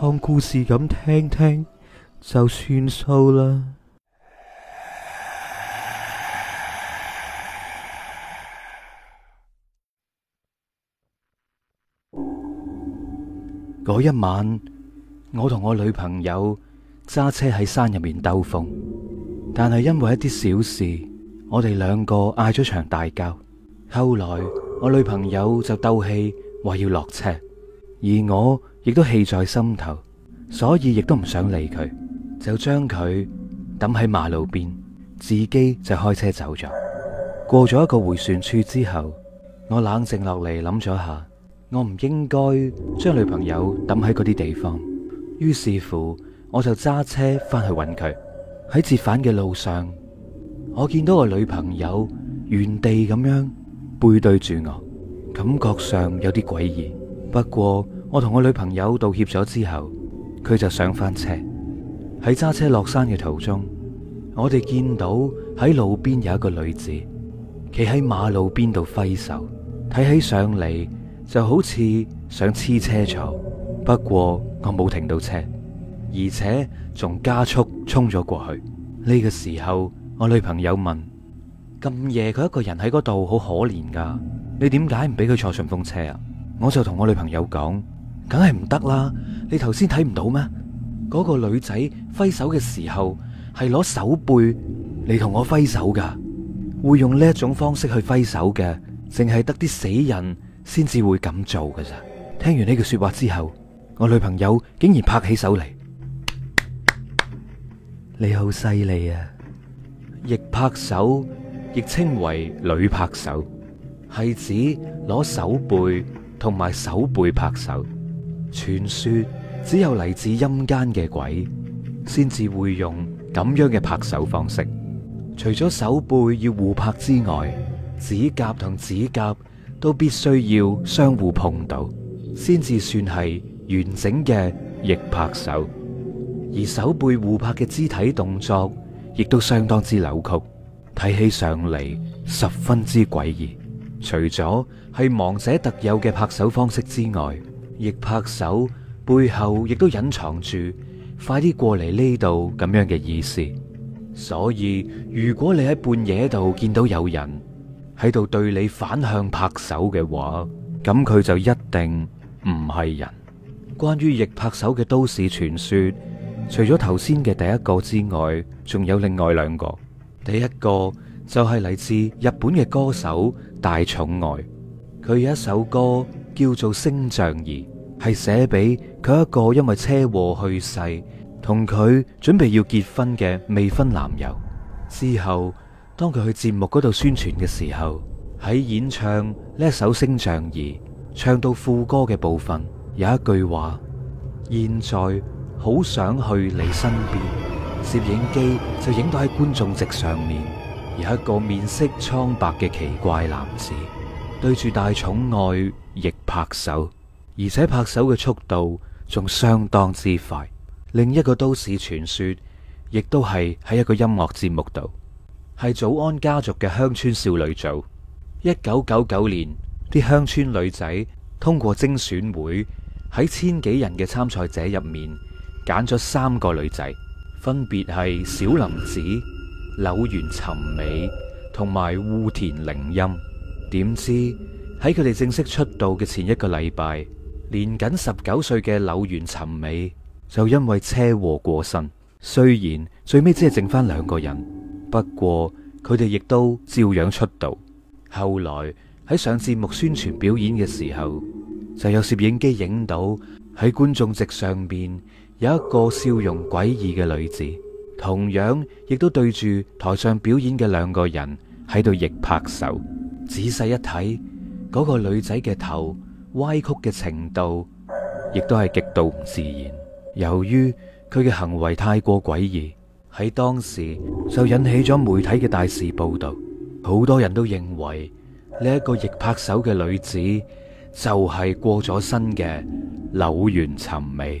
當故事咁聽聽就算數啦。嗰一晚，我同我女朋友揸車喺山入面兜風，但係因為一啲小事，我哋兩個嗌咗場大交。後來我女朋友就鬥氣話要落車，而我，亦都氣在心頭，所以亦都唔想理佢，就將佢抌喺馬路邊，自己就開車走咗。過咗一個回旋處之後，我冷靜落嚟諗咗下，我唔應該將女朋友抌喺嗰啲地方，於是乎我就揸車翻去揾佢。喺折返嘅路上，我見到個女朋友原地咁樣背對住我，感覺上有啲詭異，不過。我同我女朋友道歉咗之後，佢就上翻車。喺揸車落山嘅途中，我哋見到喺路邊有一個女子企喺馬路邊度揮手，睇起上嚟就好似想黐車坐。不過我冇停到車，而且仲加速衝咗過去。呢個時候，我女朋友問：咁夜佢一個人喺嗰度，好可憐噶，你點解唔俾佢坐順風車啊？我就同我女朋友講。梗係唔得啦！你頭先睇唔到咩？嗰個女仔揮手嘅時候係攞手背嚟同我揮手噶，會用呢一種方式去揮手嘅，淨係得啲死人先至會咁做噶咋。聽完呢句說話之後，我女朋友竟然拍起手嚟。你好犀利啊！逆拍手亦稱為女拍手，係指攞手背同埋手背拍手。傳說只有嚟自陰間嘅鬼，先至會用咁樣嘅拍手方式。除咗手背要互拍之外，指甲同指甲都必須要相互碰到，先至算係完整嘅逆拍手。而手背互拍嘅肢體動作，亦都相當之扭曲，睇起上嚟十分之詭異。除咗係亡者特有嘅拍手方式之外，逆拍手背後亦都隱藏住快啲過嚟呢度咁樣嘅意思，所以如果你喺半夜度見到有人喺度對你反向拍手嘅話，咁佢就一定唔係人。關於逆拍手嘅都市傳說，除咗頭先嘅第一個之外，仲有另外兩個。第一個就係嚟自日本嘅歌手大寵愛，佢有一首歌。叫做《星象儀》，係寫俾佢一個因為車禍去世，同佢準備要結婚嘅未婚男友。之後，當佢去節目嗰度宣傳嘅時候，喺演唱呢一首《星象儀》，唱到副歌嘅部分，有一句話，現在好想去你身邊。攝影機就影到喺觀眾席上面，有一個面色蒼白嘅奇怪男子。對住大寵愛亦拍手，而且拍手嘅速度仲相當之快。另一個都市傳說，亦都係喺一個音樂節目度，係早安家族嘅鄉村少女組。一九九九年，啲鄉村女仔通過精選會喺千幾人嘅參賽者入面揀咗三個女仔，分別係小林子、柳原尋美同埋烏田鈴音。點知喺佢哋正式出道嘅前一個禮拜，年僅十九歲嘅柳原尋美就因為車禍過身。雖然最尾只係剩翻兩個人，不過佢哋亦都照樣出道。後來喺上節目宣傳表演嘅時候，就有攝影機影到喺觀眾席上面有一個笑容詭異嘅女子，同樣亦都對住台上表演嘅兩個人喺度逆拍手。仔細一睇，嗰、那個女仔嘅頭歪曲嘅程度，亦都係極度唔自然。由於佢嘅行為太過詭異，喺當時就引起咗媒體嘅大肆報道。好多人都認為呢一、這個逆拍手嘅女子，就係過咗身嘅柳原尋美。